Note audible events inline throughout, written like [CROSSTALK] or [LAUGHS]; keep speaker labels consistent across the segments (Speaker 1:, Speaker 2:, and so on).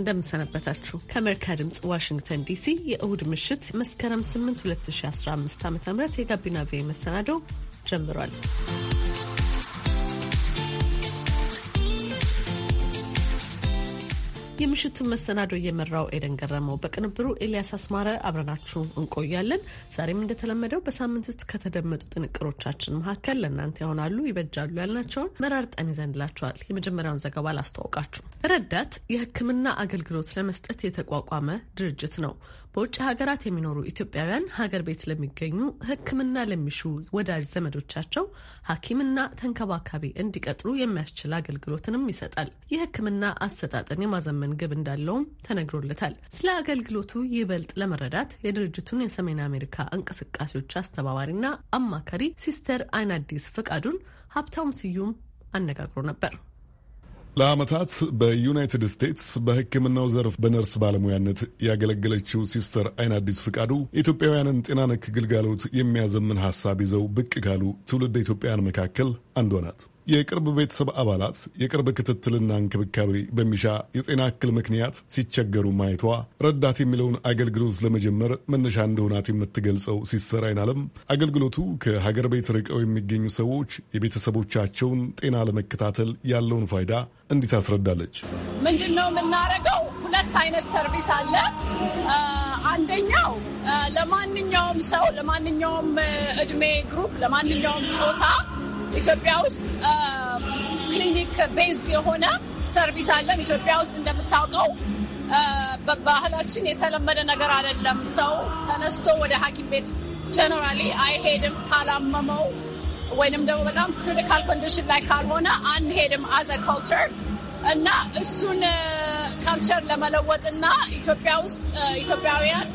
Speaker 1: እንደምንሰነበታችሁ ከአሜሪካ ድምፅ ዋሽንግተን ዲሲ የእሁድ ምሽት መስከረም 8 2015 ዓ ም የጋቢና ቪ መሰናዶ ጀምሯል። የምሽቱን መሰናዶ እየመራው ኤደን ገረመው፣ በቅንብሩ ኤልያስ አስማረ አብረናችሁ እንቆያለን። ዛሬም እንደተለመደው በሳምንት ውስጥ ከተደመጡ ጥንቅሮቻችን መካከል ለእናንተ ይሆናሉ ይበጃሉ ያልናቸውን መራርጠን ይዘንላቸዋል። የመጀመሪያውን ዘገባ ላስተዋውቃችሁ። ረዳት የሕክምና አገልግሎት ለመስጠት የተቋቋመ ድርጅት ነው። በውጭ ሀገራት የሚኖሩ ኢትዮጵያውያን ሀገር ቤት ለሚገኙ ሕክምና ለሚሹ ወዳጅ ዘመዶቻቸው ሐኪምና ተንከባካቢ እንዲቀጥሩ የሚያስችል አገልግሎትንም ይሰጣል። የሕክምና አሰጣጥን የማዘመን ግብ እንዳለውም ተነግሮለታል። ስለ አገልግሎቱ ይበልጥ ለመረዳት የድርጅቱን የሰሜን አሜሪካ እንቅስቃሴዎች አስተባባሪና አማካሪ ሲስተር አይናዲስ ፈቃዱን ሀብታውም ስዩም አነጋግሮ ነበር።
Speaker 2: ለዓመታት በዩናይትድ ስቴትስ በሕክምናው ዘርፍ በነርስ ባለሙያነት ያገለገለችው ሲስተር አይን አዲስ ፍቃዱ ኢትዮጵያውያንን ጤና ነክ ግልጋሎት የሚያዘምን ሀሳብ ይዘው ብቅ ካሉ ትውልድ ኢትዮጵያውያን መካከል አንዷ ናት። የቅርብ ቤተሰብ አባላት የቅርብ ክትትልና እንክብካቤ በሚሻ የጤና እክል ምክንያት ሲቸገሩ ማየቷ ረዳት የሚለውን አገልግሎት ለመጀመር መነሻ እንደሆናት የምትገልጸው ሲስተር አይናለም አገልግሎቱ ከሀገር ቤት ርቀው የሚገኙ ሰዎች የቤተሰቦቻቸውን ጤና ለመከታተል ያለውን ፋይዳ እንዲት አስረዳለች።
Speaker 3: ምንድን ነው የምናደርገው? ሁለት አይነት ሰርቪስ አለ። አንደኛው ለማንኛውም ሰው ለማንኛውም እድሜ ግሩፕ፣ ለማንኛውም ፆታ ኢትዮጵያ ውስጥ ክሊኒክ ቤዝድ የሆነ ሰርቪስ አለን። ኢትዮጵያ ውስጥ እንደምታውቀው በባህላችን የተለመደ ነገር አይደለም። ሰው ተነስቶ ወደ ሐኪም ቤት ጀነራሊ አይሄድም ካላመመው ወይንም ደግሞ በጣም ክሪቲካል ኮንዲሽን ላይ ካልሆነ አንሄድም አዘ ካልቸር እና እሱን ካልቸር ለመለወጥ እና ኢትዮጵያ ውስጥ ኢትዮጵያውያን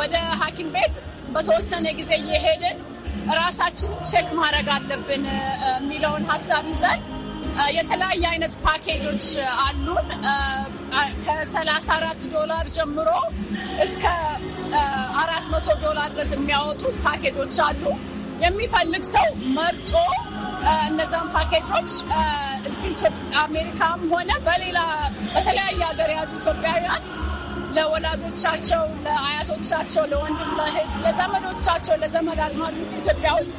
Speaker 3: ወደ ሐኪም ቤት በተወሰነ ጊዜ እየሄድን ራሳችን ቼክ ማድረግ አለብን የሚለውን ሀሳብ ይዘን የተለያየ አይነት ፓኬጆች አሉን። ከሰላሳ አራት ዶላር ጀምሮ እስከ አራት መቶ ዶላር ድረስ የሚያወጡ ፓኬጆች አሉ። የሚፈልግ ሰው መርጦ እነዛን ፓኬጆች እዚህ አሜሪካም ሆነ በሌላ በተለያየ ሀገር ያሉ ኢትዮጵያውያን ለወላጆቻቸው፣ ለአያቶቻቸው፣ ለወንድም ለእህት፣ ለዘመዶቻቸው፣ ለዘመድ አዝማድ ኢትዮጵያ ውስጥ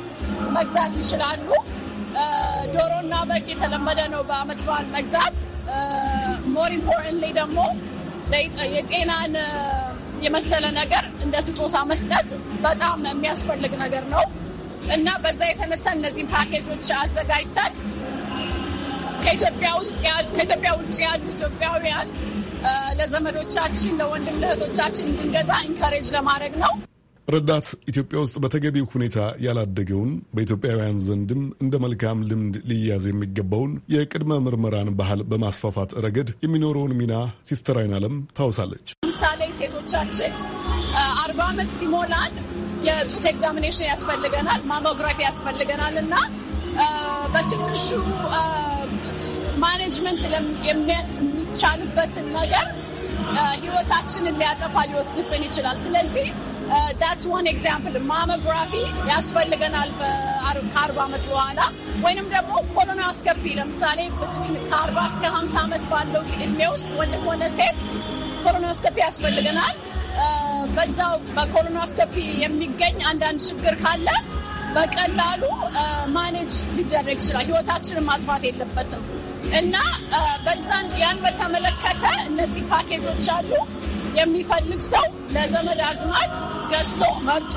Speaker 3: መግዛት ይችላሉ። ዶሮና በግ የተለመደ ነው በአመት በዓል መግዛት። ሞር ኢምፖርታንትሊ ደግሞ የጤናን የመሰለ ነገር እንደ ስጦታ መስጠት በጣም የሚያስፈልግ ነገር ነው እና በዛ የተነሳ እነዚህን ፓኬጆች አዘጋጅተን ከኢትዮጵያ ውጭ ያሉ ኢትዮጵያውያን ለዘመዶቻችን፣ ለወንድም ለእህቶቻችን እንድንገዛ ኢንካሬጅ ለማድረግ ነው።
Speaker 2: ረዳት ኢትዮጵያ ውስጥ በተገቢው ሁኔታ ያላደገውን በኢትዮጵያውያን ዘንድም እንደ መልካም ልምድ ሊያዝ የሚገባውን የቅድመ ምርመራን ባህል በማስፋፋት ረገድ የሚኖረውን ሚና ሲስተር አይን አለም ታውሳለች።
Speaker 3: ምሳሌ ሴቶቻችን አርባ ዓመት ሲሞላን የጡት ኤግዛሚኔሽን ያስፈልገናል፣ ማሞግራፊ ያስፈልገናል እና በትንሹ ማኔጅመንት የቻሉበትን ነገር ህይወታችንን ሊያጠፋ ሊወስድብን ይችላል። ስለዚህ ዳትስ ዋን ኤግዛምፕል ማሞግራፊ ያስፈልገናል ከአርባ ዓመት በኋላ ወይንም ደግሞ ኮሎና አስገቢ ለምሳሌ ብትዊን ከአርባ እስከ ሀምሳ ዓመት ባለው እድሜ ውስጥ ወንድም ሆነ ሴት ኮሎና አስገቢ ያስፈልገናል። በዛው በኮሎና አስገቢ የሚገኝ አንዳንድ ችግር ካለ በቀላሉ ማኔጅ ሊደረግ ይችላል። ህይወታችንን ማጥፋት የለበትም። እና በዛን ያን በተመለከተ እነዚህ ፓኬጆች አሉ። የሚፈልግ ሰው ለዘመድ አዝማድ ገዝቶ መርጦ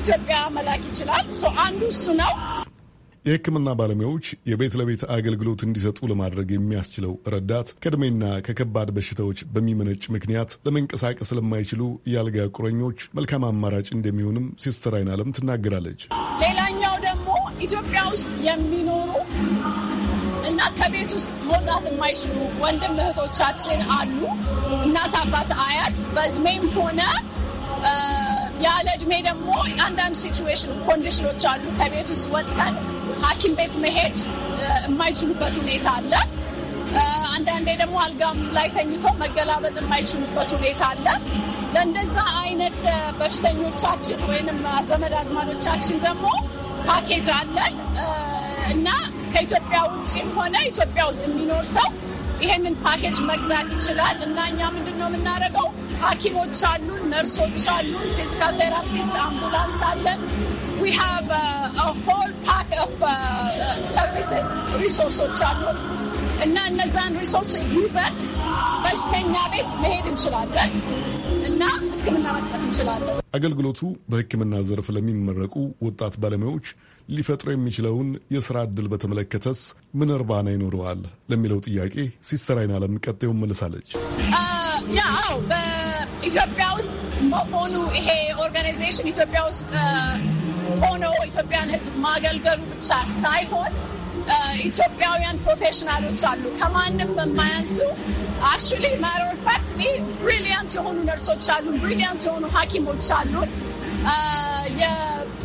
Speaker 3: ኢትዮጵያ መላክ ይችላል። አንዱ እሱ ነው።
Speaker 2: የሕክምና ባለሙያዎች የቤት ለቤት አገልግሎት እንዲሰጡ ለማድረግ የሚያስችለው ረዳት ከእድሜና ከከባድ በሽታዎች በሚመነጭ ምክንያት ለመንቀሳቀስ ለማይችሉ የአልጋ ቁረኞች መልካም አማራጭ እንደሚሆንም ሲስተር አይናለም ትናገራለች።
Speaker 3: ሌላኛው ደግሞ ኢትዮጵያ ውስጥ የሚኖሩ እና ከቤት ውስጥ መውጣት የማይችሉ ወንድም እህቶቻችን አሉ። እናት አባት፣ አያት በእድሜም ሆነ ያለ እድሜ ደግሞ አንዳንድ ሲቹዌሽን ኮንዲሽኖች አሉ። ከቤት ውስጥ ወጥተን ሐኪም ቤት መሄድ የማይችሉበት ሁኔታ አለ። አንዳንዴ ደግሞ አልጋም ላይ ተኝቶ መገላበጥ የማይችሉበት ሁኔታ አለ። ለእንደዛ አይነት በሽተኞቻችን ወይንም ዘመድ አዝማዶቻችን ደግሞ ፓኬጅ አለን እና ከኢትዮጵያ ውጭም ሆነ ኢትዮጵያ ውስጥ የሚኖር ሰው ይሄንን ፓኬጅ መግዛት ይችላል እና እኛ ምንድን ነው የምናደርገው? ሐኪሞች አሉን፣ ነርሶች አሉን፣ ፊዚካል ቴራፒስት፣ አምቡላንስ አለን። ዊ ሃቭ ሆል ፓክ ኦፍ ሰርቪስስ ሪሶርሶች አሉን እና እነዛን ሪሶርች ይዘን በሽተኛ ቤት መሄድ እንችላለን እና ሕክምና መስጠት እንችላለን።
Speaker 2: አገልግሎቱ በሕክምና ዘርፍ ለሚመረቁ ወጣት ባለሙያዎች ሊፈጥር የሚችለውን የስራ ዕድል በተመለከተስ ምን እርባና ይኖረዋል ለሚለው ጥያቄ ሲስተር አይን አለም ቀጣዩ መልሳለች።
Speaker 3: ያው በኢትዮጵያ ውስጥ ሆኑ ይሄ ኦርጋናይዜሽን ኢትዮጵያ ውስጥ ሆኖ ኢትዮጵያን ህዝብ ማገልገሉ ብቻ ሳይሆን ኢትዮጵያውያን ፕሮፌሽናሎች አሉ ከማንም የማያንሱ አክቹዋሊ ማተር ኦፍ ፋክት ብሪሊያንት የሆኑ ነርሶች አሉ፣ ብሪሊያንት የሆኑ ሐኪሞች አሉ።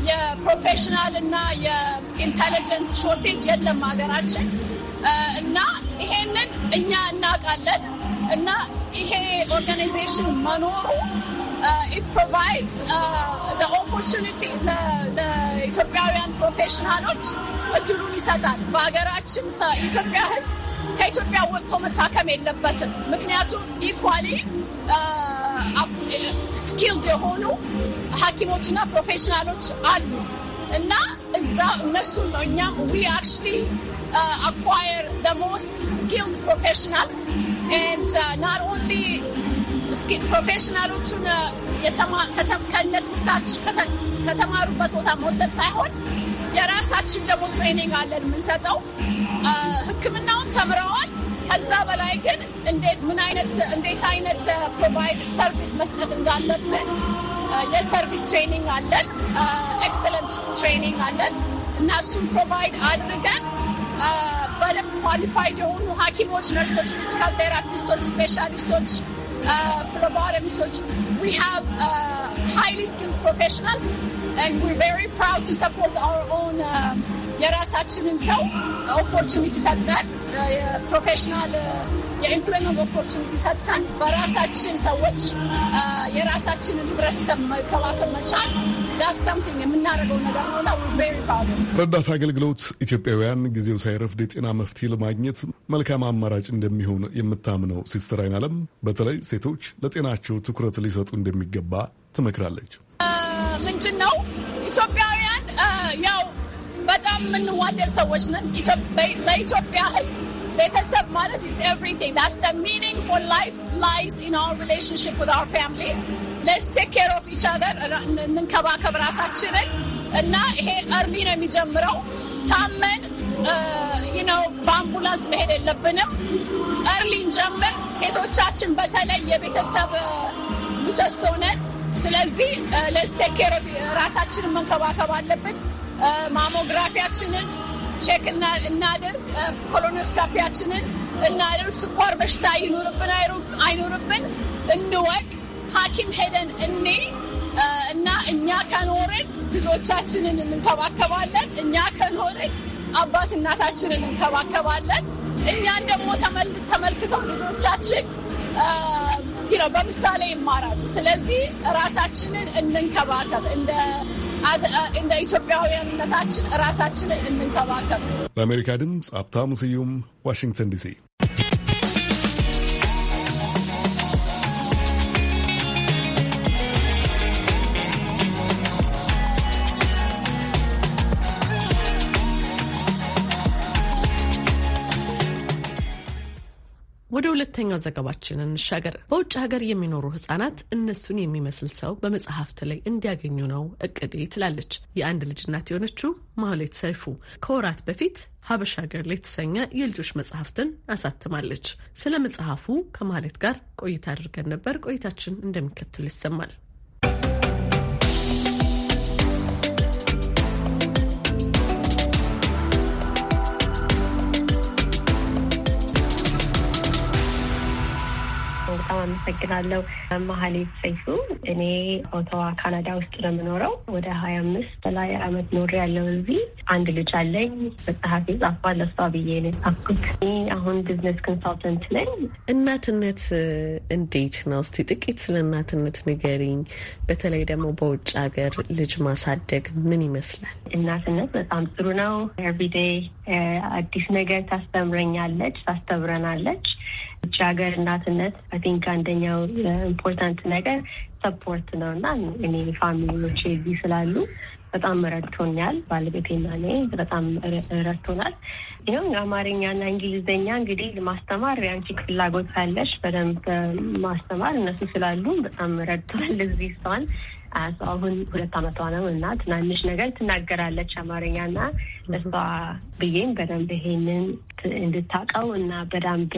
Speaker 3: የፕሮፌሽናል እና የኢንቴሊጀንስ ሾርቴጅ የለም ሀገራችን እና ይሄንን እኛ እናውቃለን እና ይሄ ኦርጋናይዜሽን መኖሩ ኢት ኦፖርቹኒቲ ለኢትዮጵያውያን ፕሮፌሽናሎች እድሉን ይሰጣል። በሀገራችን ኢትዮጵያ ህዝብ ከኢትዮጵያ ወጥቶ መታከም የለበትም። ምክንያቱም ኢኳሊ ስኪልድ የሆኑ ሐኪሞችና ፕሮፌሽናሎች አሉ እና እዛ እነሱን ነው እኛም ዊ አክቹዋሊ አኳየር ዘ ሞስት ስኪልድ ፕሮፌሽናልስ ኤንድ ናት ኦንሊ ፕሮፌሽናሎቹን ከነ ከተማሩበት ቦታ መውሰድ ሳይሆን የራሳችን ደግሞ ትሬኒንግ አለን የምንሰጠው። ሕክምናውን uh, ተምረዋል ከዛ በላይ ግን ምን አይነት እንዴት አይነት ፕሮቫይድ ሰርቪስ መስጠት እንዳለብን የሰርቪስ ትሬኒንግ አለን። ኤክሰለንት ትሬኒንግ አለን እና እሱም ፕሮቫይድ አድርገን በደንብ ኳሊፋይድ የሆኑ ሐኪሞች፣ ነርሶች፣ ፊዚካል ቴራፒስቶች፣ ስፔሻሊስቶች፣ ፍሎባረሚስቶች ዊ ሃቭ ሃይሊ ስኪልድ ፕሮፌሽናልስ and we're very proud to support our own የራሳችንን ሰው ኦፖርቹኒቲ ሰጠን። የፕሮፌሽናል የኢምፕሎይመንት ኦፖርቹኒቲ ሰጥተን በራሳችን ሰዎች የራሳችንን ህብረተሰብ መከባከብ መቻል የምናደርገው
Speaker 2: ረዳት አገልግሎት ኢትዮጵያውያን ጊዜው ሳይረፍድ የጤና መፍትሄ ለማግኘት መልካም አማራጭ እንደሚሆን የምታምነው ሲስተር አይን አለም በተለይ ሴቶች ለጤናቸው ትኩረት ሊሰጡ እንደሚገባ ትመክራለች።
Speaker 3: ምንድን ነው ኢትዮጵያውያን ያው በጣም የምንዋደድ ሰዎች ነን። ለኢትዮጵያ ሕዝብ ቤተሰብ ማለት ኢዝ ኤቭሪቲንግ ዳትስ ዘ ሚኒንግ ፎር ላይፍ ላይስ ኢን አወር ሪሌሽንሺፕ ዊዝ አወር ፋሚሊስ ሌትስ ቴክ ኬር ኦፍ ኢች አዘር እንንከባከብ ራሳችንን እና ይሄ እርሊ ነው የሚጀምረው። ታመን ነው በአምቡላንስ መሄድ የለብንም። እርሊ እንጀምር። ሴቶቻችን በተለይ የቤተሰብ ምሰሶ ነን። ስለዚህ ሌትስ ቴክ ኬር ኦፍ ራሳችንን መንከባከብ አለብን። ማሞግራፊያችንን ቼክ እናደርግ፣ ኮሎኖስካፒያችንን እናደርግ፣ ስኳር በሽታ ይኑርብን አይኑርብን እንወቅ፣ ሐኪም ሄደን እኔ እና እኛ ከኖርን ልጆቻችንን እንንከባከባለን። እኛ ከኖርን አባት እናታችንን እንከባከባለን። እኛን ደግሞ ተመልክተው ልጆቻችን በምሳሌ ይማራሉ። ስለዚህ ራሳችንን እንንከባከብ እንደ እንደ ኢትዮጵያውያንነታችን ራሳችንን እንንከባከብ።
Speaker 2: ለአሜሪካ ድምፅ ሀብታሙ ስዩም ዋሽንግተን ዲሲ
Speaker 1: ሁለተኛው ዘገባችን እንሻገር። በውጭ ሀገር የሚኖሩ ህጻናት እነሱን የሚመስል ሰው በመጽሐፍት ላይ እንዲያገኙ ነው እቅዴ ትላለች የአንድ ልጅ እናት የሆነችው ማህሌት ሰይፉ ከወራት በፊት ሀበሻ ገር የተሰኘ የልጆች መጽሐፍትን አሳትማለች። ስለ መጽሐፉ ከማህሌት ጋር ቆይታ አድርገን ነበር። ቆይታችን እንደሚከተሉ ይሰማል።
Speaker 4: በጣም አመሰግናለሁ። መሀሌት ሰይፉ እኔ ኦቶዋ ካናዳ ውስጥ ነው የምኖረው። ወደ ሀያ አምስት በላይ አመት ኖር ያለው እዚህ አንድ ልጅ አለኝ። መጽሐፍ የጻፏ ለሷ ብዬ ነው የጻፍኩት። እኔ አሁን ቢዝነስ ኮንሳልተንት ነኝ።
Speaker 1: እናትነት እንዴት ነው? እስቲ ጥቂት ስለ እናትነት ንገሪኝ። በተለይ ደግሞ በውጭ ሀገር ልጅ ማሳደግ ምን ይመስላል?
Speaker 4: እናትነት በጣም ጥሩ ነው። ኤርቢዴይ አዲስ ነገር ታስተምረኛለች፣ ታስተምረናለች ውጭ ሀገር እናትነት አይ ቲንክ አንደኛው ኢምፖርታንት uh, ነገር ሰፖርት ነው እና እኔ ፋሚሊዎች እዚህ ስላሉ በጣም ረድቶኛል። ባለቤቴና እኔ በጣም ረድቶናል። ይኸው አማርኛና እንግሊዝኛ እንግዲህ ማስተማር የአንቺ ፍላጎት ካለሽ በደንብ um, ማስተማር እነሱ ስላሉ በጣም ረድቷል። እዚህ እሷን uh, አሁን ሁለት ዓመቷ ነው እና ትናንሽ ነገር ትናገራለች አማርኛና እሷ ብዬም በደንብ ይሄንን እንድታውቀው እና በደንብ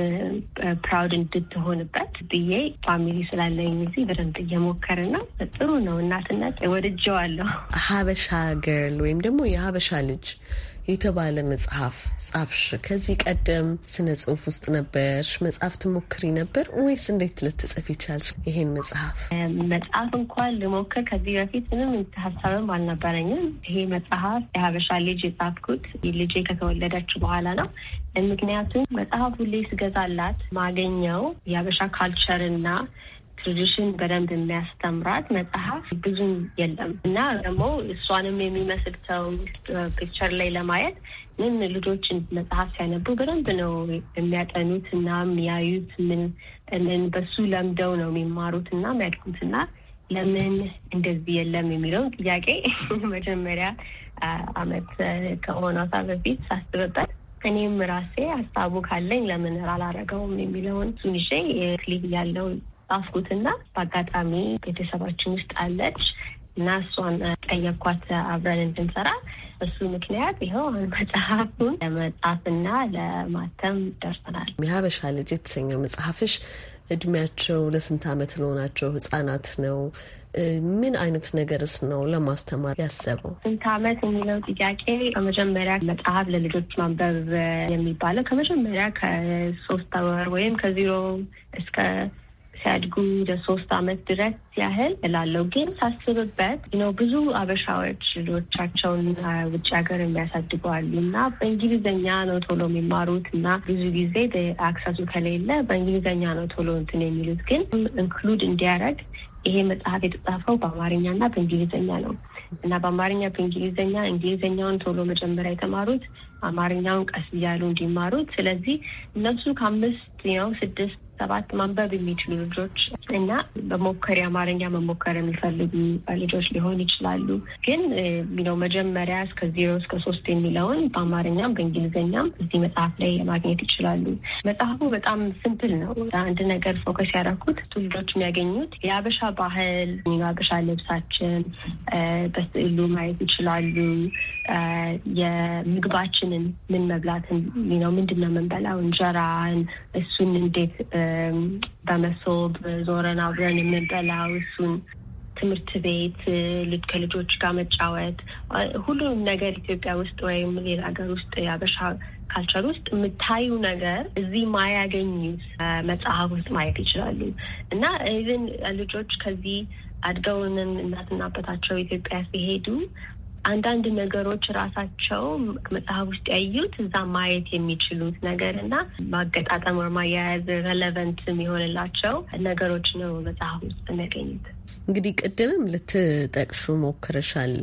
Speaker 4: ፕራውድ እንድትሆንበት ብዬ ፋሚሊ
Speaker 1: ስላለኝ እዚህ በደንብ እየሞከር ነው። ጥሩ ነው። እናትነት ወድጀዋለሁ። ሀበሻ ገርል ወይም ደግሞ የሀበሻ ልጅ የተባለ መጽሐፍ ጻፍሽ። ከዚህ ቀደም ስነ ጽሁፍ ውስጥ ነበርሽ? መጽሐፍ ትሞክሪ ነበር ወይስ እንዴት ልትጽፍ ይቻልሽ ይሄን መጽሐፍ?
Speaker 4: መጽሐፍ እንኳን ልሞክር ከዚህ በፊት ምንም ሀሳብም አልነበረኝም። ይሄ መጽሐፍ የሀበሻ ልጅ የጻፍኩት ልጄ ከተወለደች በኋላ ነው። ምክንያቱም መጽሐፍ ሁሌ ስገዛላት ማገኘው የሀበሻ ካልቸርና ልጅሽን በደንብ የሚያስተምራት መጽሐፍ ብዙም የለም እና ደግሞ እሷንም የሚመስል ሰው ፒክቸር ላይ ለማየት ምን ልጆችን መጽሐፍ ሲያነቡ በደንብ ነው የሚያጠኑት እና የሚያዩት ምን በሱ ለምደው ነው የሚማሩት እና የሚያድጉት እና ለምን እንደዚህ የለም የሚለውን ጥያቄ [LAUGHS] መጀመሪያ አመት ከሆኗታ በፊት ሳስብበት እኔም ራሴ ሀሳቡ ካለኝ ለምን አላረገውም የሚለውን እሱን ይዤ ክሊክ ያለው ጻፍኩትና በአጋጣሚ ቤተሰባችን ውስጥ አለች እና እሷን ጠየኳት አብረን እንድንሰራ። እሱ ምክንያት ይኸው አሁን መጽሐፉን ለመጻፍና
Speaker 1: ለማተም ደርሰናል። የሀበሻ ልጅ የተሰኘው መጽሐፍሽ እድሜያቸው ለስንት ዓመት ለሆናቸው ህጻናት ነው? ምን አይነት ነገርስ ነው ለማስተማር ያሰበው?
Speaker 4: ስንት አመት የሚለው ጥያቄ ከመጀመሪያ መጽሐፍ ለልጆች ማንበብ የሚባለው ከመጀመሪያ ከሶስት ወር ወይም ከዜሮ እስከ ሲያድጉ ለሶስት አመት ድረስ ያህል እላለው። ግን ሳስብበት ነው ብዙ አበሻዎች ልጆቻቸውን ውጭ ሀገር የሚያሳድጉ አሉ እና በእንግሊዝኛ ነው ቶሎ የሚማሩት እና ብዙ ጊዜ አክሰሱ ከሌለ በእንግሊዝኛ ነው ቶሎ እንትን የሚሉት ግን ኢንክሉድ እንዲያደርግ ይሄ መጽሐፍ የተጻፈው በአማርኛ እና በእንግሊዝኛ ነው እና በአማርኛ በእንግሊዝኛ እንግሊዝኛውን ቶሎ መጀመሪያ የተማሩት አማርኛውን ቀስ እያሉ እንዲማሩት። ስለዚህ እነሱ ከአምስት ነው ስድስት ሰባት ማንበብ የሚችሉ ልጆች እና በሞከሪያ አማርኛ መሞከር የሚፈልጉ ልጆች ሊሆን ይችላሉ። ግን ነው መጀመሪያ እስከ ዜሮ እስከ ሶስት የሚለውን በአማርኛም በእንግሊዝኛም እዚህ መጽሐፍ ላይ ማግኘት ይችላሉ። መጽሐፉ በጣም ስምፕል ነው። አንድ ነገር ፎከስ ያደረኩት ልጆች የሚያገኙት የአበሻ ባህል፣ የአበሻ ልብሳችን በስዕሉ ማየት ይችላሉ። የምግባችንን ምን መብላትን ነው ምንድን ነው የምንበላው እንጀራን እሱ እሱን እንዴት በመሶብ ዞረን አብረን የምንበላው እሱን ትምህርት ቤት ልጅ ከልጆች ጋር መጫወት ሁሉንም ነገር ኢትዮጵያ ውስጥ ወይም ሌላ ሀገር ውስጥ የአበሻ ካልቸር ውስጥ የምታዩ ነገር እዚህ ማያገኙ መጽሐፍ ውስጥ ማየት ይችላሉ እና ኢቨን ልጆች ከዚህ አድገውንን እናትና አባታቸው ኢትዮጵያ ሲሄዱ አንዳንድ ነገሮች ራሳቸው መጽሐፍ ውስጥ ያዩት እዛ ማየት የሚችሉት ነገር እና ማገጣጠም ወር ማያያዝ ረለቨንት የሆንላቸው ነገሮች ነው መጽሐፍ ውስጥ የሚያገኙት።
Speaker 1: እንግዲህ ቅድምም ልትጠቅሹ ሞክርሻል።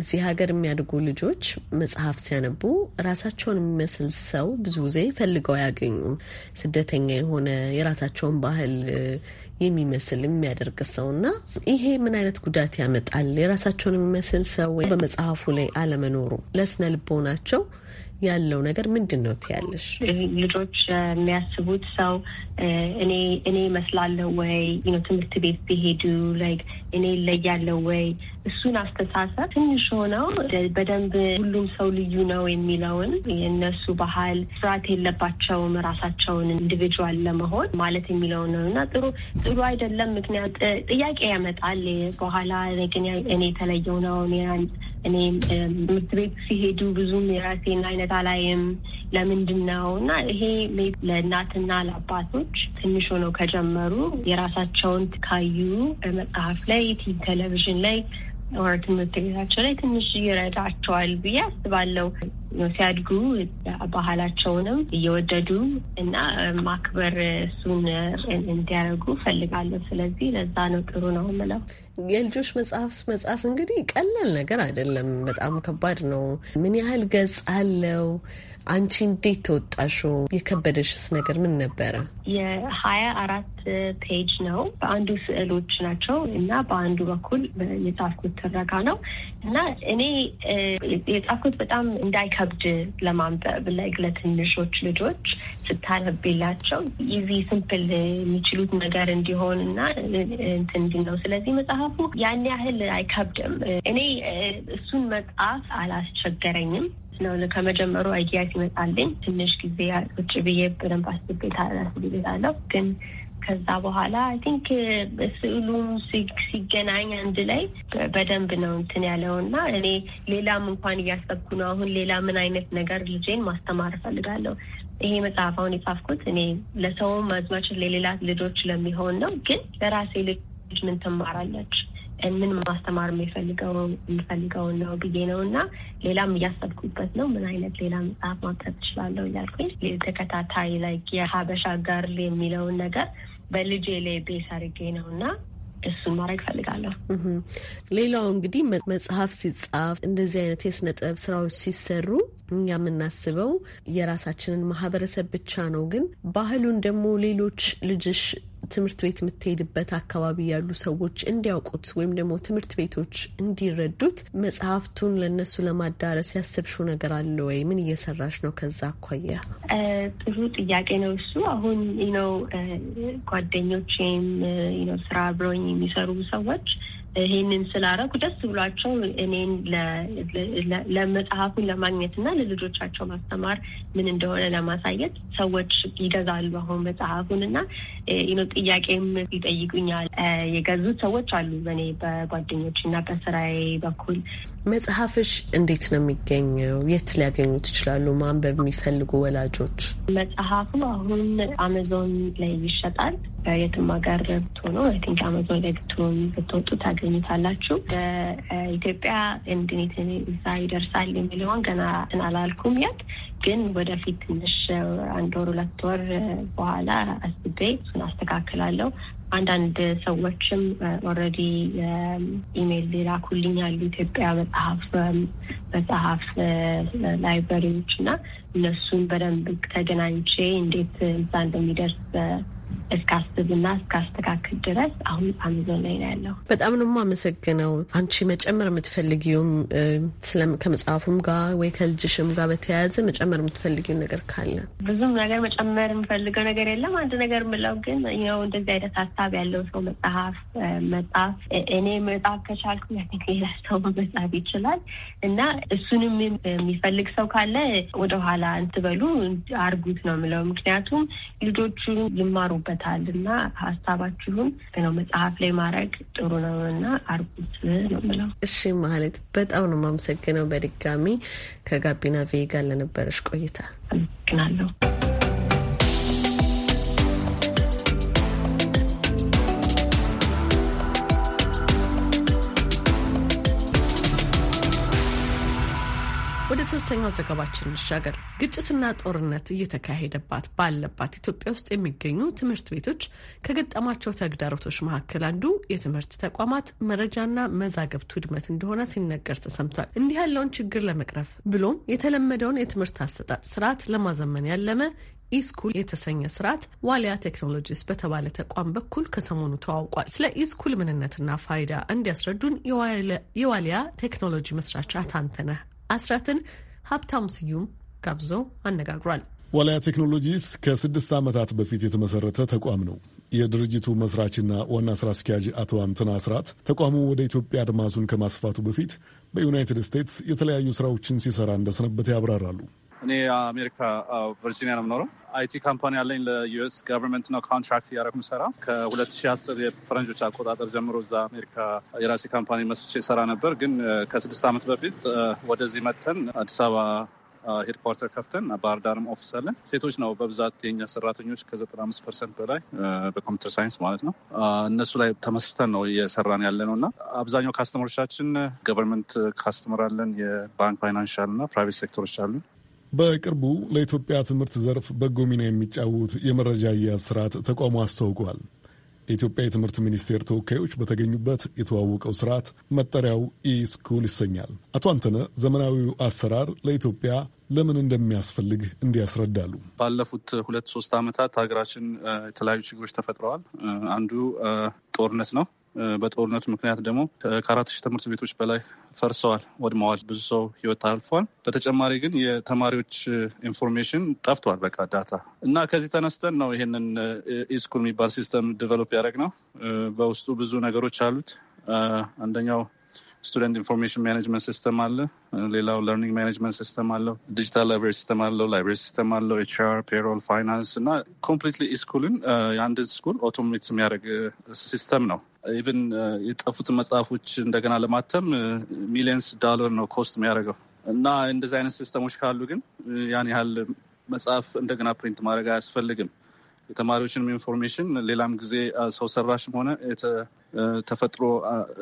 Speaker 1: እዚህ ሀገር የሚያድጉ ልጆች መጽሐፍ ሲያነቡ ራሳቸውን የሚመስል ሰው ብዙ ጊዜ ፈልገው አያገኙም። ስደተኛ የሆነ የራሳቸውን ባህል የሚመስል የሚያደርግ ሰውና ይሄ ምን አይነት ጉዳት ያመጣል? የራሳቸውን የሚመስል ሰው ወይ በመጽሐፉ ላይ አለመኖሩ ለስነ ልቦናቸው ያለው ነገር ምንድን ነው ትያለሽ?
Speaker 4: ልጆች የሚያስቡት ሰው እኔ እኔ ይመስላለሁ ወይ? ትምህርት ቤት ቢሄዱ እኔ ይለያለሁ ወይ እሱን አስተሳሰብ ትንሽ ሆነው በደንብ ሁሉም ሰው ልዩ ነው የሚለውን የእነሱ ባህል ስርዓት የለባቸውም ራሳቸውን ኢንዲቪጁዋል ለመሆን ማለት የሚለው ነው እና ጥሩ ጥሩ አይደለም። ምክንያት ጥያቄ ያመጣል። በኋላ ግን እኔ የተለየው ነው እኔ ትምህርት ቤት ሲሄዱ ብዙም የራሴን አይነት አላይም ለምንድን ነው እና ይሄ ለእናትና ለአባቶች ትንሽ ሆነው ከጀመሩ የራሳቸውን ካዩ መጽሐፍ ላይ ቲቪ ቴሌቪዥን ላይ ወር ትምህርት ቤታቸው ላይ ትንሽ ይረዳቸዋል ብዬ አስባለሁ። ሲያድጉ ባህላቸውንም እየወደዱ እና ማክበር እሱን እንዲያደርጉ ፈልጋለሁ። ስለዚህ ለዛ ነው ጥሩ ነው የምለው።
Speaker 1: የልጆች መጽሐፍ መጽሐፍ እንግዲህ ቀላል ነገር አይደለም፣ በጣም ከባድ ነው። ምን ያህል ገጽ አለው? አንቺ እንዴት ተወጣሹ? የከበደሽስ ነገር ምን ነበረ?
Speaker 4: የሀያ አራት ፔጅ ነው። በአንዱ ስዕሎች ናቸው እና በአንዱ በኩል የጻፍኩት ትረካ ነው እና እኔ የጻፍኩት በጣም እንዳይከብድ ለማንበብ ላይክ ለትንሾች ልጆች ስታነብላቸው ኢዚ ስምፕል የሚችሉት ነገር እንዲሆን እና እንትን እንዲል ነው። ስለዚህ መጽሐፉ ያን ያህል አይከብድም። እኔ እሱን መጽሐፍ አላስቸገረኝም። ስለሆነ ከመጀመሩ አይዲያ ሲመጣልኝ ትንሽ ጊዜ ውጭ ብዬ በደንብ አስቤታለሁ። ግን ከዛ በኋላ አይ ቲንክ ሲገናኝ አንድ ላይ በደንብ ነው እንትን ያለው እና እኔ ሌላም እንኳን እያሰብኩ ነው። አሁን ሌላ ምን አይነት ነገር ልጄን ማስተማር እፈልጋለሁ። ይሄ መጽሐፍ አሁን የጻፍኩት እኔ ለሰውም አዝማችን ለሌላ ልጆች ለሚሆን ነው። ግን ለራሴ ልጅ ምን ትማራለች ምን ማስተማር የምፈልገውን ነው ብዬ ነው እና ሌላም እያሰብኩበት ነው። ምን አይነት ሌላ መጽሐፍ ማቅረብ እችላለሁ እያልኩኝ ተከታታይ ላይ የሀበሻ ጋርል የሚለውን ነገር በልጄ ላይ ቤስ አድርጌ
Speaker 1: ነው እና እሱን ማድረግ እፈልጋለሁ። ሌላው እንግዲህ መጽሐፍ ሲጻፍ እንደዚህ አይነት የስነ ጥበብ ስራዎች ሲሰሩ እኛ የምናስበው የራሳችንን ማህበረሰብ ብቻ ነው። ግን ባህሉን ደግሞ ሌሎች ልጅሽ ትምህርት ቤት የምትሄድበት አካባቢ ያሉ ሰዎች እንዲያውቁት ወይም ደግሞ ትምህርት ቤቶች እንዲረዱት መጽሐፍቱን ለእነሱ ለማዳረስ ያስብሹ ነገር አለ ወይ? ምን እየሰራሽ ነው ከዛ አኳያ?
Speaker 4: ጥሩ ጥያቄ ነው እሱ። አሁን ነው ጓደኞቼም ስራ አብረውኝ የሚሰሩ ሰዎች ይህንን ስላረኩ ደስ ብሏቸው እኔን ለመጽሐፉን ለማግኘት እና ለልጆቻቸው ማስተማር ምን እንደሆነ ለማሳየት ሰዎች ይገዛሉ አሁን መጽሐፉን እና ጥያቄም ይጠይቁኛል። የገዙት ሰዎች አሉ በእኔ በጓደኞች እና በስራዬ በኩል።
Speaker 1: መጽሐፍሽ እንዴት ነው የሚገኘው? የት ሊያገኙት ይችላሉ? ማንበብ የሚፈልጉ ወላጆች
Speaker 4: መጽሐፉ አሁን አመዞን ላይ ይሸጣል። የትም ሀገር ሆኖ አይ ቲንክ አመዞን ላይ ብትሆን ብትወጡት አላችሁ? ኢትዮጵያ እንድኔት እዛ ይደርሳል የሚለውን ገና አላልኩም ያት ግን ወደፊት ትንሽ አንድ ወር ሁለት ወር በኋላ አስቤ እሱን አስተካክላለሁ። አንዳንድ ሰዎችም ኦልሬዲ ኢሜይል ላኩልኝ ያሉ ኢትዮጵያ መጽሐፍ መጽሐፍ ላይብረሪዎች እና እነሱን በደንብ ተገናኝቼ እንዴት እዛ እንደሚደርስ እስካስብና እስካስተካክል ድረስ አሁን አሚዞን ላይ ነው ያለው።
Speaker 1: በጣም ነው የማመሰግነው። አንቺ መጨመር የምትፈልጊውም ከመጽሐፉም ጋር ወይ ከልጅሽም ጋር በተያያዘ መጨመር የምትፈልጊው ነገር ካለ?
Speaker 4: ብዙም ነገር መጨመር የምፈልገው ነገር የለም። አንድ ነገር የምለው ግን ያው እንደዚህ አይነት ሀሳብ ያለው ሰው መጽሐፍ መጽሐፍ እኔ መጽሐፍ ከቻልኩ ሌላ ሰው መጽሐፍ ይችላል እና እሱንም የሚፈልግ ሰው ካለ ወደኋላ እንትበሉ አርጉት ነው ምለው። ምክንያቱም ልጆቹ ይማሩ ይገኙበታል እና ሀሳባችሁም ነው
Speaker 1: መጽሐፍ ላይ ማድረግ ጥሩ ነው እና አርጉት ነው ብለው። እሺ ማለት በጣም ነው የማመሰግነው በድጋሚ ከጋቢና ቬጋ ለነበረች ቆይታ አመሰግናለሁ። ሶስተኛው ዘገባችን እንሻገር። ግጭትና ጦርነት እየተካሄደባት ባለባት ኢትዮጵያ ውስጥ የሚገኙ ትምህርት ቤቶች ከገጠማቸው ተግዳሮቶች መካከል አንዱ የትምህርት ተቋማት መረጃና መዛግብት ውድመት እንደሆነ ሲነገር ተሰምቷል። እንዲህ ያለውን ችግር ለመቅረፍ ብሎም የተለመደውን የትምህርት አሰጣጥ ስርዓት ለማዘመን ያለመ ኢስኩል የተሰኘ ስርዓት ዋሊያ ቴክኖሎጂስ በተባለ ተቋም በኩል ከሰሞኑ ተዋውቋል። ስለ ኢስኩል ምንነትና ፋይዳ እንዲያስረዱን የዋሊያ ቴክኖሎጂ መስራች አታንተነህ አስራትን ሀብታሙ ስዩም ጋብዞ አነጋግሯል።
Speaker 2: ዋልያ ቴክኖሎጂስ ከስድስት ዓመታት በፊት የተመሰረተ ተቋም ነው። የድርጅቱ መስራችና ዋና ስራ አስኪያጅ አቶ አንትና አስራት ተቋሙ ወደ ኢትዮጵያ አድማሱን ከማስፋቱ በፊት በዩናይትድ ስቴትስ የተለያዩ ስራዎችን ሲሰራ እንደሰነበት ያብራራሉ።
Speaker 5: እኔ አሜሪካ ቨርጂኒያ ነው የምኖረው። አይቲ ካምፓኒ አለኝ ለዩኤስ ገቨርንመንት ነው ኮንትራክት እያደረኩ ምሰራ። ከ2010 የፈረንጆች አቆጣጠር ጀምሮ እዛ አሜሪካ የራሴ ካምፓኒ መስቼ ይሰራ ነበር። ግን ከስድስት ዓመት በፊት ወደዚህ መጥተን አዲስ አበባ ሄድኳርተር ከፍተን ባህር ዳርም ኦፊስ አለን። ሴቶች ነው በብዛት የኛ ሰራተኞች ከ95 ፐርሰንት በላይ በኮምፒውተር ሳይንስ ማለት ነው። እነሱ ላይ ተመስርተን ነው እየሰራን ያለ ነው እና አብዛኛው ካስተመሮቻችን ገቨርንመንት ካስተመር አለን፣ የባንክ ፋይናንሻል እና ፕራይቬት ሴክተሮች አሉን።
Speaker 2: በቅርቡ ለኢትዮጵያ ትምህርት ዘርፍ በጎ ሚና የሚጫወት የመረጃ አያያዝ ስርዓት ተቋሙ አስታውቋል። የኢትዮጵያ የትምህርት ሚኒስቴር ተወካዮች በተገኙበት የተዋወቀው ስርዓት መጠሪያው ኢስኩል ይሰኛል። አቶ አንተነ ዘመናዊው አሰራር ለኢትዮጵያ ለምን እንደሚያስፈልግ እንዲያስረዳሉ።
Speaker 5: ባለፉት ሁለት ሶስት ዓመታት ሀገራችን የተለያዩ ችግሮች ተፈጥረዋል። አንዱ ጦርነት ነው። በጦርነቱ ምክንያት ደግሞ ከአራት ሺህ ትምህርት ቤቶች በላይ ፈርሰዋል፣ ወድመዋል። ብዙ ሰው ህይወት አልፏል። በተጨማሪ ግን የተማሪዎች ኢንፎርሜሽን ጠፍቷል፣ በቃ ዳታ እና ከዚህ ተነስተን ነው ይሄንን ኢስኩል የሚባል ሲስተም ዲቨሎፕ ነው። በውስጡ ብዙ ነገሮች አሉት። አንደኛው ስቱደንት ኢንፎርሜሽን ማኔጅመንት ሲስተም አለ። ሌላው ለርኒንግ ማኔጅመንት ሲስተም አለው። ዲጂታል ላይብሬሪ ሲስተም አለው። ላይብሬሪ ሲስተም አለው። አር፣ ፔሮል፣ ፋይናንስ እና ኮምፕሊትሊ ስኩልን የአንድን ስኩል ኦቶሜት የሚያደርግ ሲስተም uh, ነው። ኢቨን uh, የጠፉትን መጽሐፎች እንደገና ለማተም ሚሊየንስ uh, ዳለር ነው ኮስት የሚያደርገው እና እንደዚህ አይነት ሲስተሞች ካሉ ግን ያን ያህል መጽሐፍ እንደገና ፕሪንት ማድረግ አያስፈልግም። የተማሪዎችንም ኢንፎርሜሽን ሌላም ጊዜ ሰው ሰራሽም ሆነ ተፈጥሮ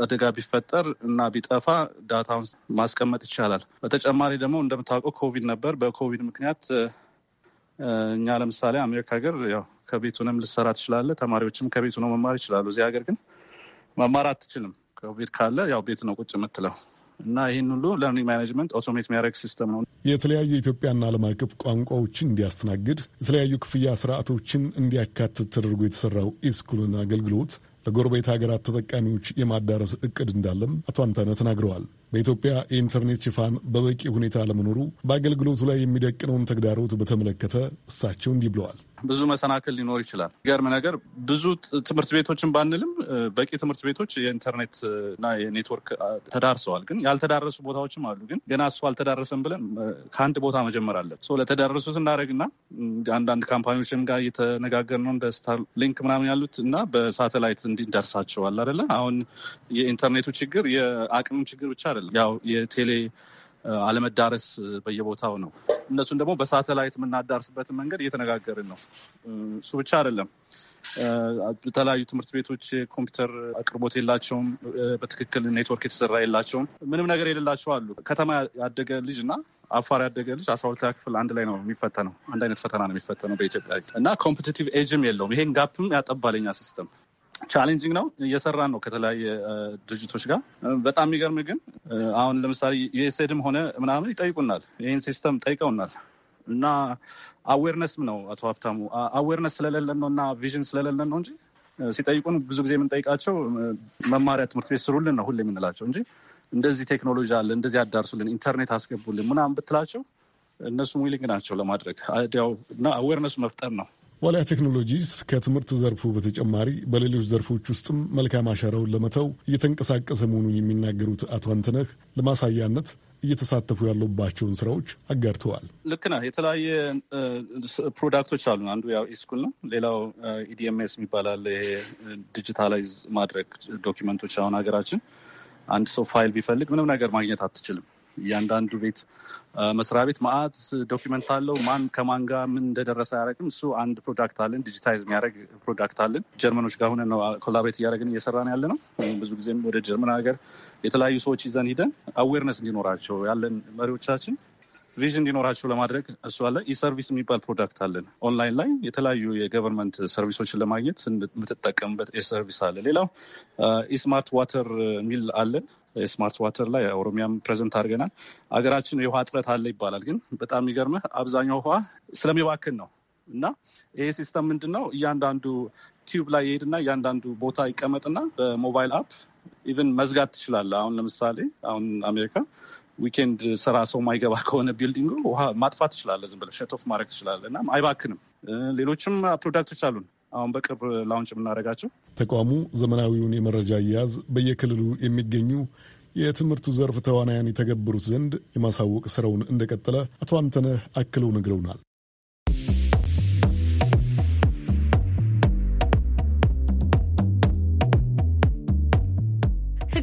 Speaker 5: አደጋ ቢፈጠር እና ቢጠፋ ዳታውን ማስቀመጥ ይቻላል። በተጨማሪ ደግሞ እንደምታውቀው ኮቪድ ነበር። በኮቪድ ምክንያት እኛ ለምሳሌ አሜሪካ ሀገር ያው ከቤቱንም ልሰራ ትችላለ፣ ተማሪዎችም ከቤቱ ነው መማር ይችላሉ። እዚህ ሀገር ግን መማር አትችልም። ኮቪድ ካለ ያው ቤት ነው ቁጭ የምትለው እና ይህን ሁሉ ለርኒንግ ማኔጅመንት ኦቶሜት የሚያደርግ ሲስተም ነው።
Speaker 2: የተለያዩ ኢትዮጵያና ዓለም አቀፍ ቋንቋዎችን እንዲያስተናግድ የተለያዩ ክፍያ ስርዓቶችን እንዲያካትት ተደርጎ የተሰራው ኢስኩልን አገልግሎት ለጎረቤት ሀገራት ተጠቃሚዎች የማዳረስ እቅድ እንዳለም አቶ አንተነ ተናግረዋል። በኢትዮጵያ የኢንተርኔት ሽፋን በበቂ ሁኔታ አለመኖሩ በአገልግሎቱ ላይ የሚደቅነውን ተግዳሮት በተመለከተ እሳቸው እንዲህ ብለዋል።
Speaker 5: ብዙ መሰናክል ሊኖር ይችላል። ገርም ነገር ብዙ ትምህርት ቤቶችን ባንልም በቂ ትምህርት ቤቶች የኢንተርኔት እና የኔትወርክ ተዳርሰዋል። ግን ያልተዳረሱ ቦታዎችም አሉ። ግን ገና እሱ አልተዳረሰም ብለን ከአንድ ቦታ መጀመር አለን። ለተዳረሱት እናደረግና አንዳንድ ካምፓኒዎችም ጋር እየተነጋገር ነው እንደ ስታር ሊንክ ምናምን ያሉት እና በሳተላይት እንዲደርሳቸዋል አደለ። አሁን የኢንተርኔቱ ችግር የአቅም ችግር ብቻ አደለም ያው የቴሌ አለመዳረስ በየቦታው ነው። እነሱን ደግሞ በሳተላይት የምናዳርስበትን መንገድ እየተነጋገርን ነው። እሱ ብቻ አይደለም። የተለያዩ ትምህርት ቤቶች ኮምፒውተር አቅርቦት የላቸውም። በትክክል ኔትወርክ የተሰራ የላቸውም። ምንም ነገር የሌላቸው አሉ። ከተማ ያደገ ልጅ እና አፋር ያደገ ልጅ አስራ ሁለተኛ ክፍል አንድ ላይ ነው የሚፈተነው። አንድ አይነት ፈተና ነው የሚፈተነው በኢትዮጵያ እና ኮምፒቲቲቭ ኤጅም የለውም። ይሄን ጋፕም ያጠባለኛ ሲስተም ቻሌንጂንግ ነው። እየሰራን ነው ከተለያየ ድርጅቶች ጋር። በጣም የሚገርም ግን አሁን ለምሳሌ የኤስኤድም ሆነ ምናምን ይጠይቁናል። ይህን ሲስተም ጠይቀውናል እና አዌርነስም ነው አቶ ሀብታሙ አዌርነስ ስለሌለን ነው እና ቪዥን ስለሌለን ነው እንጂ ሲጠይቁን ብዙ ጊዜ የምንጠይቃቸው መማሪያ ትምህርት ቤት ስሩልን ነው ሁሌ የምንላቸው እንጂ እንደዚህ ቴክኖሎጂ አለ እንደዚህ አዳርሱልን፣ ኢንተርኔት አስገቡልን ምናምን ብትላቸው እነሱም ዊሊንግ ናቸው ለማድረግ ያው እና አዌርነሱ መፍጠር ነው
Speaker 2: ዋልያ ቴክኖሎጂስ ከትምህርት ዘርፉ በተጨማሪ በሌሎች ዘርፎች ውስጥም መልካም አሻራውን ለመተው እየተንቀሳቀሰ መሆኑን የሚናገሩት አቶ አንትነህ ለማሳያነት እየተሳተፉ ያሉባቸውን ስራዎች አጋርተዋል።
Speaker 5: ልክ ነህ። የተለያየ ፕሮዳክቶች አሉ። አንዱ ያው ኢስኩል ነው። ሌላው ኢዲኤምኤስ የሚባላል ይሄ ዲጂታላይዝ ማድረግ ዶኪመንቶች። አሁን ሀገራችን አንድ ሰው ፋይል ቢፈልግ ምንም ነገር ማግኘት አትችልም። እያንዳንዱ ቤት መስሪያ ቤት ማአት ዶኪመንት አለው። ማን ከማን ጋር ምን እንደደረሰ አያደረግም እሱ አንድ ፕሮዳክት አለን፣ ዲጂታይዝ የሚያደረግ ፕሮዳክት አለን። ጀርመኖች ጋር ሆነ ነው ኮላብሬት እያደረግን እየሰራን ያለ ነው። ብዙ ጊዜም ወደ ጀርመን ሀገር የተለያዩ ሰዎች ይዘን ሂደን አዌርነስ እንዲኖራቸው ያለን መሪዎቻችን ቪዥን እንዲኖራቸው ለማድረግ እሱ አለ። ኢሰርቪስ የሚባል ፕሮዳክት አለን። ኦንላይን ላይ የተለያዩ የገቨርንመንት ሰርቪሶችን ለማግኘት የምትጠቀምበት ኢሰርቪስ አለ። ሌላው ኢስማርት ዋተር ሚል አለን። ስማርት ዋተር ላይ ኦሮሚያም ፕሬዘንት አድርገናል። አገራችን የውሃ እጥረት አለ ይባላል። ግን በጣም የሚገርምህ አብዛኛው ውሃ ስለሚባክን ነው። እና ይሄ ሲስተም ምንድን ነው? እያንዳንዱ ቲዩብ ላይ ይሄድና እያንዳንዱ ቦታ ይቀመጥና በሞባይል አፕ ኢቨን መዝጋት ትችላለህ። አሁን ለምሳሌ አሁን አሜሪካ ዊኬንድ ስራ ሰው ማይገባ ከሆነ ቢልዲንጉ ውሃ ማጥፋት ትችላለህ። ዝም ብለህ ሸቶፍ ማድረግ ትችላለህ እና አይባክንም። ሌሎችም ፕሮዳክቶች አሉን አሁን በቅርብ ላውንጭ የምናደርጋቸው።
Speaker 2: ተቋሙ ዘመናዊውን የመረጃ አያያዝ በየክልሉ የሚገኙ የትምህርቱ ዘርፍ ተዋናያን የተገበሩት ዘንድ የማሳወቅ ስራውን እንደቀጠለ አቶ አንተነህ አክለው ነግረውናል።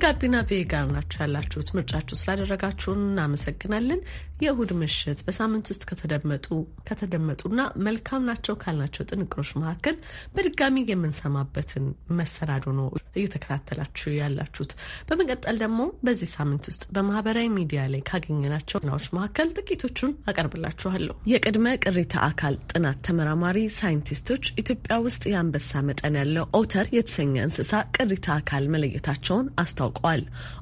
Speaker 1: ከጋቢና ቪኦኤ ጋር ናችሁ ያላችሁት። ምርጫችሁ ስላደረጋችሁን እናመሰግናለን። የእሁድ ምሽት በሳምንት ውስጥ ከተደመጡ ከተደመጡና መልካም ናቸው ካልናቸው ጥንቅሮች መካከል በድጋሚ የምንሰማበትን መሰናዶ ነው እየተከታተላችሁ ያላችሁት። በመቀጠል ደግሞ በዚህ ሳምንት ውስጥ በማህበራዊ ሚዲያ ላይ ካገኘናቸው ናዎች መካከል ጥቂቶቹን አቀርብላችኋለሁ። የቅድመ ቅሪተ አካል ጥናት ተመራማሪ ሳይንቲስቶች ኢትዮጵያ ውስጥ የአንበሳ መጠን ያለው ኦተር የተሰኘ እንስሳ ቅሪተ አካል መለየታቸውን አስታው ታውቋል።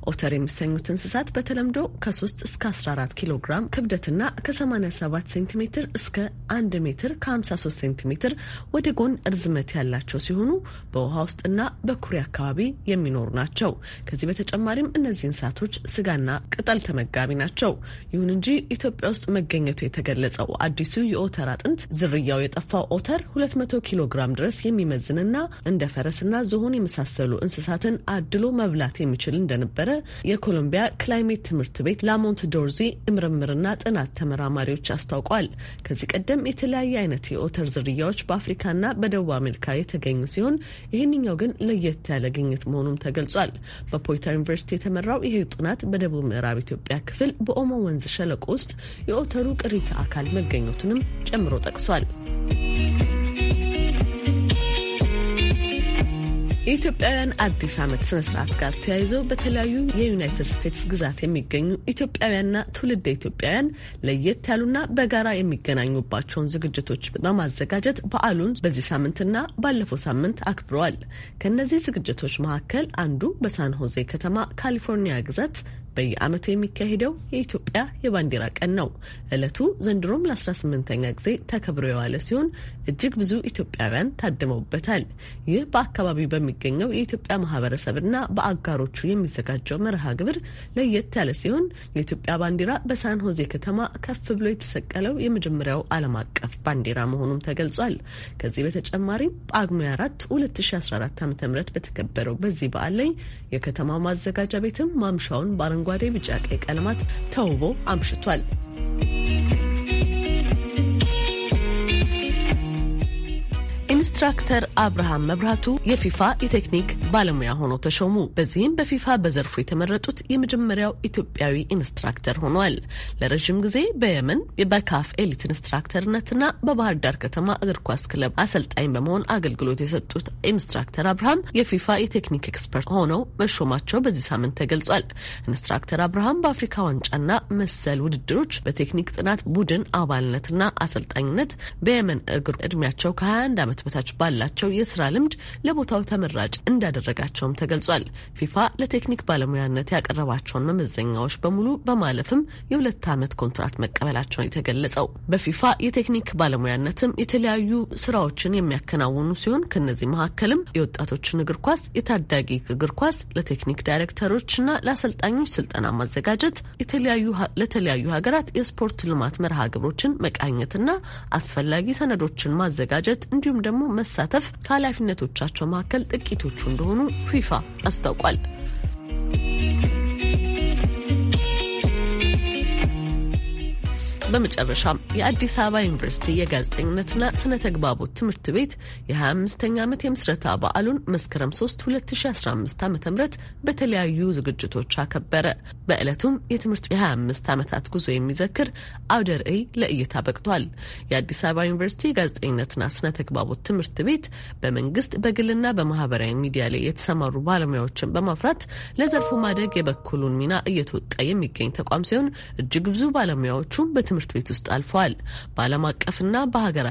Speaker 1: ኦተር የሚሰኙት እንስሳት በተለምዶ ከ3 እስከ 14 ኪሎ ግራም ክብደትና ከ87 ሴንቲሜትር እስከ 1 ሜትር ከ53 ሴንቲሜትር ወደ ጎን እርዝመት ያላቸው ሲሆኑ በውሃ ውስጥና በኩሬ አካባቢ የሚኖሩ ናቸው። ከዚህ በተጨማሪም እነዚህ እንስሳቶች ስጋና ቅጠል ተመጋቢ ናቸው። ይሁን እንጂ ኢትዮጵያ ውስጥ መገኘቱ የተገለጸው አዲሱ የኦተር አጥንት ዝርያው የጠፋው ኦተር 200 ኪሎ ግራም ድረስ የሚመዝንና እንደ ፈረስና ዝሆን የመሳሰሉ እንስሳትን አድሎ መብላት የሚ የሚችል እንደነበረ የኮሎምቢያ ክላይሜት ትምህርት ቤት ላሞንት ዶርዚ ምርምርና ጥናት ተመራማሪዎች አስታውቋል። ከዚህ ቀደም የተለያየ አይነት የኦተር ዝርያዎች በአፍሪካና በደቡብ አሜሪካ የተገኙ ሲሆን ይህንኛው ግን ለየት ያለ ግኝት መሆኑም ተገልጿል። በፖይተር ዩኒቨርሲቲ የተመራው ይህ ጥናት በደቡብ ምዕራብ ኢትዮጵያ ክፍል በኦሞ ወንዝ ሸለቆ ውስጥ የኦተሩ ቅሪተ አካል መገኘቱንም ጨምሮ ጠቅሷል። የኢትዮጵያውያን አዲስ ዓመት ስነ ስርዓት ጋር ተያይዞ በተለያዩ የዩናይትድ ስቴትስ ግዛት የሚገኙ ኢትዮጵያውያንና ትውልደ ኢትዮጵያውያን ለየት ያሉና በጋራ የሚገናኙባቸውን ዝግጅቶች በማዘጋጀት በዓሉን በዚህ ሳምንትና ባለፈው ሳምንት አክብረዋል። ከእነዚህ ዝግጅቶች መካከል አንዱ በሳን ሆዜ ከተማ ካሊፎርኒያ ግዛት በየዓመቱ የሚካሄደው የኢትዮጵያ የባንዲራ ቀን ነው። እለቱ ዘንድሮም ለ18ኛ ጊዜ ተከብሮ የዋለ ሲሆን እጅግ ብዙ ኢትዮጵያውያን ታድመውበታል። ይህ በአካባቢው በሚገኘው የኢትዮጵያ ማህበረሰብና በአጋሮቹ የሚዘጋጀው መርሃ ግብር ለየት ያለ ሲሆን የኢትዮጵያ ባንዲራ በሳን ሆዜ ከተማ ከፍ ብሎ የተሰቀለው የመጀመሪያው ዓለም አቀፍ ባንዲራ መሆኑም ተገልጿል። ከዚህ በተጨማሪም በጳጉሜ 4 2014 ዓ ም በተከበረው በዚህ በዓል ላይ የከተማው ማዘጋጃ ቤትም ማምሻውን በአረንጓ በአረንጓዴ፣ ቢጫ፣ ቀይ ቀለማት ተውቦ አምሽቷል። ኢንስትራክተር አብርሃም መብራቱ የፊፋ የቴክኒክ ባለሙያ ሆኖ ተሾሙ። በዚህም በፊፋ በዘርፉ የተመረጡት የመጀመሪያው ኢትዮጵያዊ ኢንስትራክተር ሆኗል። ለረዥም ጊዜ በየመን በካፍ ኤሊት ኢንስትራክተርነትና በባህር ዳር ከተማ እግር ኳስ ክለብ አሰልጣኝ በመሆን አገልግሎት የሰጡት ኢንስትራክተር አብርሃም የፊፋ የቴክኒክ ኤክስፐርት ሆነው መሾማቸው በዚህ ሳምንት ተገልጿል። ኢንስትራክተር አብርሃም በአፍሪካ ዋንጫና መሰል ውድድሮች በቴክኒክ ጥናት ቡድን አባልነትና አሰልጣኝነት በየመን እግር ዕድሜያቸው ከ21 ዓመት በታች ባላቸው የስራ ልምድ ለቦታው ተመራጭ እንዳደረጋቸውም ተገልጿል። ፊፋ ለቴክኒክ ባለሙያነት ያቀረባቸውን መመዘኛዎች በሙሉ በማለፍም የሁለት ዓመት ኮንትራት መቀበላቸውን የተገለጸው በፊፋ የቴክኒክ ባለሙያነትም የተለያዩ ስራዎችን የሚያከናውኑ ሲሆን ከነዚህ መካከልም የወጣቶችን እግር ኳስ፣ የታዳጊ እግር ኳስ፣ ለቴክኒክ ዳይሬክተሮችና ለአሰልጣኞች ስልጠና ማዘጋጀት፣ ለተለያዩ ሀገራት የስፖርት ልማት መርሃ ግብሮችን መቃኘትና አስፈላጊ ሰነዶችን ማዘጋጀት እንዲሁም ደግሞ ደግሞ መሳተፍ ከኃላፊነቶቻቸው መካከል ጥቂቶቹ እንደሆኑ ፊፋ አስታውቋል። በመጨረሻም የአዲስ አበባ ዩኒቨርሲቲ የጋዜጠኝነትና ስነ ተግባቦት ትምህርት ቤት የ25ኛ ዓመት የምስረታ በዓሉን መስከረም 3 2015 ዓ ም በተለያዩ ዝግጅቶች አከበረ። በዕለቱም የትምህርት የ25 ዓመታት ጉዞ የሚዘክር አውደ ርዕይ ለእይታ በቅቷል። የአዲስ አበባ ዩኒቨርሲቲ ጋዜጠኝነትና ስነ ተግባቦት ትምህርት ቤት በመንግስት በግልና በማህበራዊ ሚዲያ ላይ የተሰማሩ ባለሙያዎችን በማፍራት ለዘርፉ ማደግ የበኩሉን ሚና እየተወጣ የሚገኝ ተቋም ሲሆን እጅግ ብዙ ባለሙያዎቹ በትምህርት ትምህርት ቤት ውስጥ አልፈዋል። በዓለም አቀፍና በሀገራ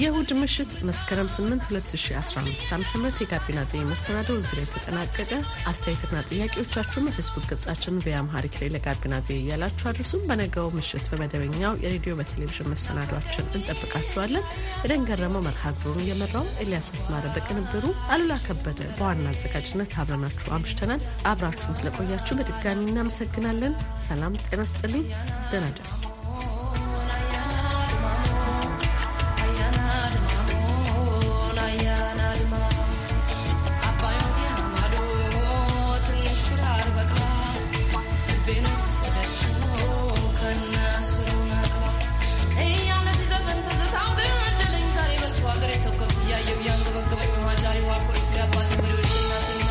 Speaker 1: የእሁድ ምሽት መስከረም 8 2015 ዓ ም የጋቢና ጥ መሰናደው እዚህ ላይ ተጠናቀቀ። አስተያየትና ጥያቄዎቻችሁን በፌስቡክ ገጻችን በአምሃሪክ ላይ ለጋቢና ጤ እያላችሁ አድርሱም። በነገው ምሽት በመደበኛው የሬዲዮ በቴሌቪዥን መሰናዷችን እንጠብቃችኋለን። ኤደን ገረመው መርሃ ግብሩን እየመራው ኤልያስ አስማረ በቅንብሩ፣ አሉላ ከበደ በዋና አዘጋጅነት አብረናችሁ አምሽተናል። አብራችሁን ስለቆያችሁ በድጋሚ እናመሰግናለን። ሰላም ጤና ስጥልኝ። ደህና ደሩ።